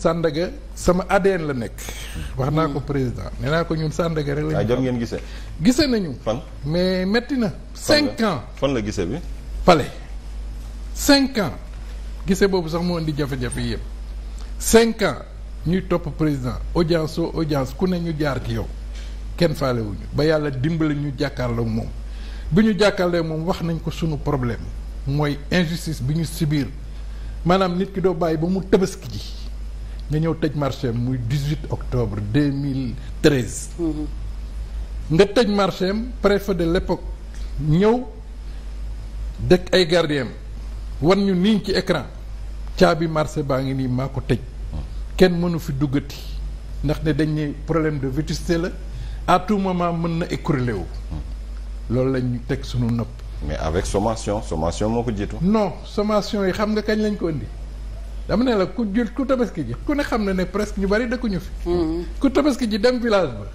Sandaga sama ADN la nekk. wax naa ko hmm. président ne naa ko ñun Sandaga rek la ah, ñu. jot ngeen gise gisee nañu. fan mais métti na. cinq ans fan la gisee bi. pale cinq ans gise boobu sax moo indi jafe-jafe yëpp cinq ans ñuy topp président audience soo audience ku ne ñu jaar ci yow kenn faalewuñu ba yàlla dimbali ñu jàkkaarloo moom bi ñu jàkkaarloo moom wax nañ ko sunu problème mooy injustice bi ñu subir maanaam nit ki doo bàyyi ba mu tabaski ji. nga ñëw tëj marché muy 18 octobre 2013. Mm-hmm. nga tëj marché am préfet de l'époque ñëw dëkk ay gardien wan ñu nii ci écran caabi marché baa ngi nii maa ko tëj kenn mënu fi duggati ndax ne dañ ne problème de vétusté la à tout moment mën na écrouler wu. Mm-hmm. loolu lañ ñu teg sunu nopp. mais avec sommation sommation moo ko jiitu. non sommation yi xam nga kañ lañ ko indi. dama ne la ku jul ku tabaski ji ku ne xam na ne presque ñu bari dëkkuñu fi. Mm-hmm. ku tabaski ji dem village ba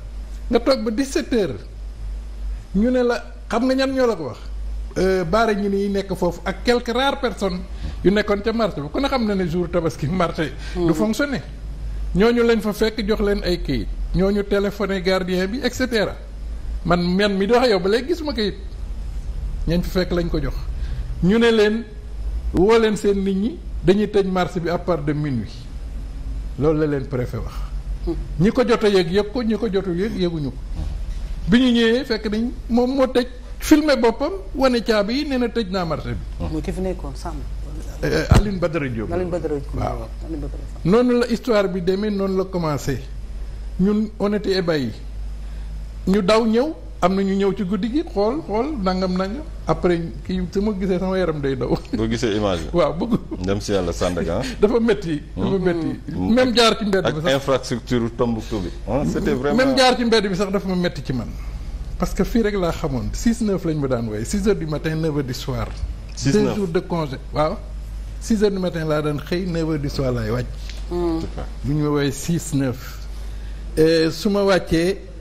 nga toog ba di heures ñu ne la xam nga ñan ñoo la ko wax. Euh, baara ñu ni nekk foofu ak quelque rares personnes yu nekkoon ca marché ba ku ne xam na ne jour tabaski marché. du ñoo ñu leen fa fekk jox leen ay kayit ñu téléphoné gardien bi et cetera man men mi di wax yow ba léegi gisuma kayit ñañ fa fekk lañ ko jox ñu ne leen woo leen seen nit ñi. dañuy tëj marché bi à part de minuit loolu la leen préfet wax ñi ko jot a yëg yëg ko ñi ko jotul yëg yëguñu ko bi ñu ñëwee fekk nañ moom moo tëj filmé boppam wane caabi yi nee na tëj naa marché bi. Ah. mooy ki fi nekkoon sàmm. Eh, eh, Aline Badara Diop Aline Badara Diop waaw noonu la histoire bi demee noonu la commencé ñun on était ébahis ñu daw ñëw. am na ñu ñëw ci guddi gi xool xool nangam nangam après kii su ma gisee sama yaram day daw. boo gisee image bi waaw bëgg. dem si yàlla Sandaga ah. dafa métti. dafa métti hmm? jaar ci mbedd bi sax ak infrastructure Tombouctou bi. Ah, c'était vraiment jaar ci mbedd bi sax dafa ma métti ci man. parce que fii rek laa xamoon 6 9 lañ ma daan wooye 6 heures du matin 9 heures du soir. 6 9 deux xëy 9 heures du soir laay wàcc. Hmm. bu ñu ma wooyee 6 9. su ma wàccee.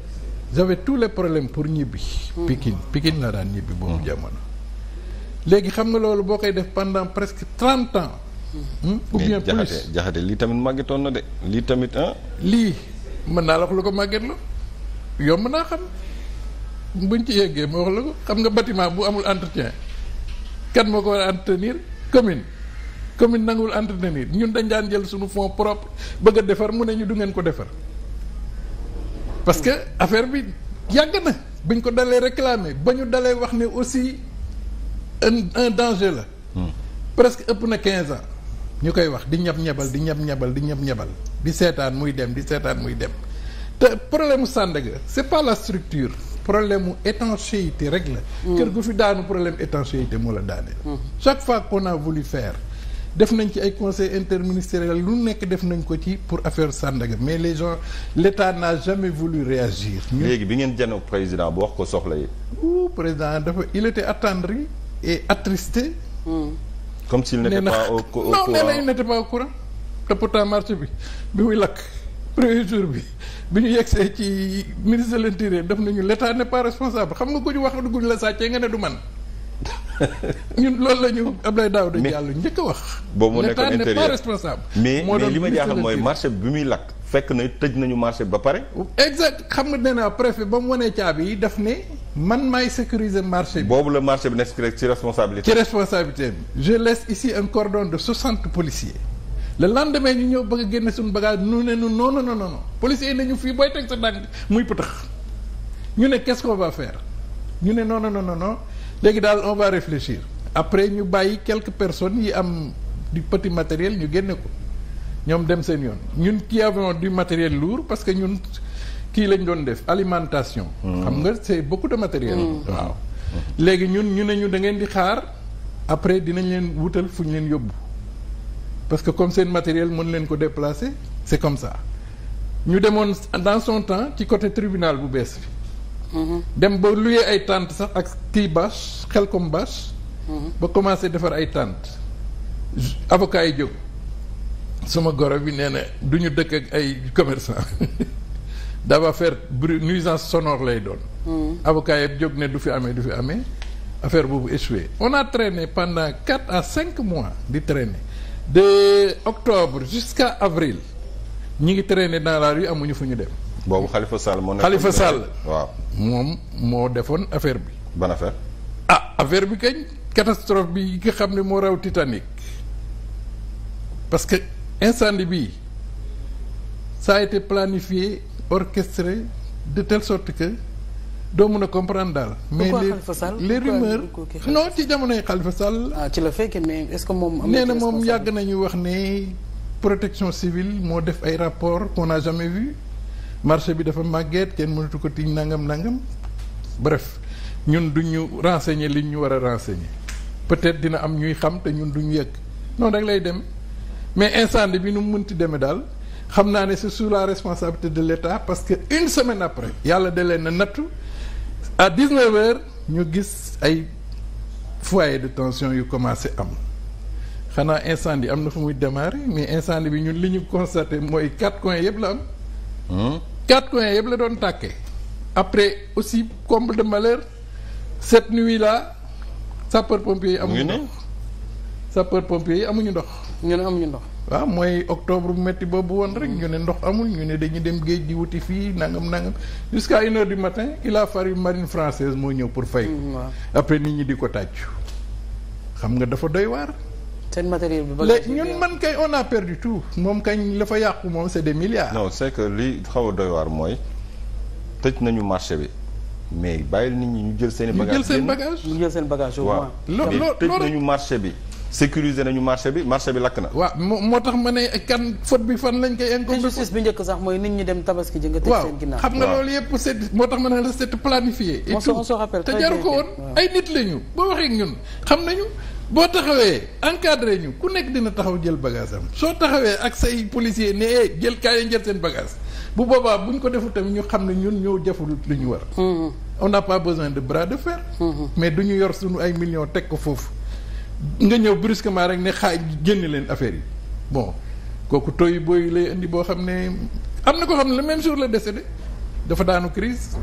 j'avais tous les problèmes pour ñibbi. Hmm. Pikine Pikine laa daan ñibbi boobu hmm. jamono. léegi xam nga loolu boo koy def pendant presque trente ans. Hmm. ou bien jaxate lii tamit màggetoon na de lii tamit ah. lii mën naa la wax lu ko màgget la yomb naa xam buñ ci yeggee ma xam nga bâtiment bu amul entretien kan moo ko war a commune. commune nanguwul entretenir ñun dañ daan jël suñu fonds propre bëgg a defar mu ne ñu du ngeen ko defar. parce que affaire bi yàgg na bi ñu ko dalee réclamer ba ñu dalee wax ne aussi un un danger la. Hmm. presque ëpp na quinze ans ñu koy wax di ñab ñabal di ñab ñabal di ñab ñabal di seetaan muy dem di seetaan muy dem te problème mu Sandaga c'est pas la structure problème mu étanchéité rek la. Hmm. kër gu fi daanu problème étanchéité moo la daaneel. Hmm. chaque fois qu'on a voulu faire. def nañ ci ay conseil interministériel lu nekk def nañ ko ci pour affaire Sandaga mais les gens l' état n'a jamais voulu réagir. léegi bi ngeen janoog président bu wax ko soxla yi. président dafa il était attendri et attristé. Hmm. comme s'il n'était pas courant non nee na il n'était pas au marché bi bi muy lakk premier bi bi ñu yegsee ci ministre de l'intérieur def nañu l' état n' est pas responsable xam nga ko ñu wax dugg la sàccee nga ne du man. ñun loolu la ñu Abdoulaye Daouda Diallo njëkk a wax. boobu moo nekkoon intérieur l'État n'est pas responsable. mais mais li ma jaaxal mooy marché bi muy lakk. fekk na tëj nañu marché ba pare. exact xam nga nee naa préfet ba mu wanee caabi yi daf ne man maay sécuriser marché bi. boobu la marché bi nekk ci responsabilité. ci responsabilité bi je laisse ici un cordon de soixante policiers. le lendemain ñu ñëw ba a génne suñu bagage nu ne nu non non non non policiers yi nañu fii booy teg sa dànk muy pëtax ñu ne qu'est-ce qu'on ñu ne non non non léegi daal on va réfléchir après ñu bàyyi quelques personnes yi am di petit matériel ñu génne ko ñoom dem seen yoon ñun qui avons du matériel lourd parce que ñun kii lañ doon def alimentation. Hmm. xam nga c'est beaucoup de matériel. Hmm. waaw hmm. léegi ñun ñu ne ñu da ngeen di xaar après dinañ leen wutal fu ñu leen yóbbu parce que comme seen matériel mën leen ko déplacer c'est comme ça ñu demoon dans son temps ci côté tribunal bu bees bi. Mm-hmm. dem ba luyee ay tente sax ak kii bâche xel comme bâche mm-hmm. ba commencé defar ay tente avocat yi jóg sama goro bi nee na du ñu dëkk ak ay commerçant da va faire nuisance sonore lay doon mm-hmm. avocat yëpp jóg ne du fi amee du fi amee affaire boobu échoué on a traîné pendant quatre à cinq mois di traîner de octobre jusqu'à avril ñi ngi trainer dans la rue amuñu fu ñu dem boobu Khalifa Sall moo nekkoon Khalifa waaw moom moo defoon affaire bi. ban affaire. ah affaire bi kañ catastrophe bi yi nga xam ne moo raw Titanic parce que incendie bi ça a été planifié orchestré de telle sorte que. doo mën a comprendre daal. mais les les rumeurs non ci jamonoy Khalifa Sall. ah la fekkee mais est-ce que moom. nee na moom yàgg nañu wax ne protection civile moo def ay rapport qu'on n'a jamais vu. marché bi dafa màgget kenn mënatu ko tiñ nangam nangam bref ñun du ñu renseigner li ñu war a renseigner peut-être dina am ñuy xam te ñun du ñu yëg noonu rek lay dem mais incendie bi nu mu mënti demee daal xam naa ne c'est sous la responsabilité de l'État parce que une semaine après. yàlla de leen na nattu à 19 heures ñu gis ay foyer de tension yu commencé am xanaa incendie am na fu muy démarrer mais incendie bi ñun li ñu constaté mooy quatre coins yëpp la quatre coins yëpp la doon tàkkee après aussi comble de malheur cette nuit là sapeur pompier yi amuñu ndox sapeur pompier yi amuñu ndox ñu ne amuñu ndox waaw mooy octobre bu métti boobu woon rek ñu ne ndox amul ñu ne dañuy dem géej di wuti fii nangam nangam jusqu'à une heure du matin il a fallu marine française moo ñëw pour fay mm, après nit ñi di ko tàccu xam nga dafa doy waar seen matériel bi bëgg ñun man kay on a perdu tout moom kañ la fa yàqu moom c'est des milliards. non c'est que li xaw a doy waar mooy tëj nañu marché bi mais bàyyil nit ñi ñu jël seen i. bagage ñu jël seen bagage ñu jël seen bagage au moins. loo loo tëj nañu marché bi. sécuriser nañu marché bi marché bi lakk na. waaw moo tax ma ne kan faute bi fan lañ koy. incombé injustice bi njëkk sax mooy nit ñi dem tabaski ji nga teg seen ginnaaw nga yëpp c'est moo tax ma ne la c'est planifié. et tout te jaru ko woon ay nit lañu boo waxee ñun xam nañu boo taxawee encadré ñu ku nekk dina taxaw jël bagage am soo taxawee ak say policier ne eh jël kaay njël seen bagage bu boobaa bu ko deful tamit ñu xam ne ñun ñoo jaful lu ñu war. Mm-hmm. on n'a pas besoin de bras de fer. Mm-hmm. mais du ñu yor suñu ay millions teg ko foofu. nga ñëw brusquement rek ne xaaj génn leen affaire yi bon kooku tooy booy lay indi boo xam ne am na ko xam ne le même jour la décédé dafa daanu crise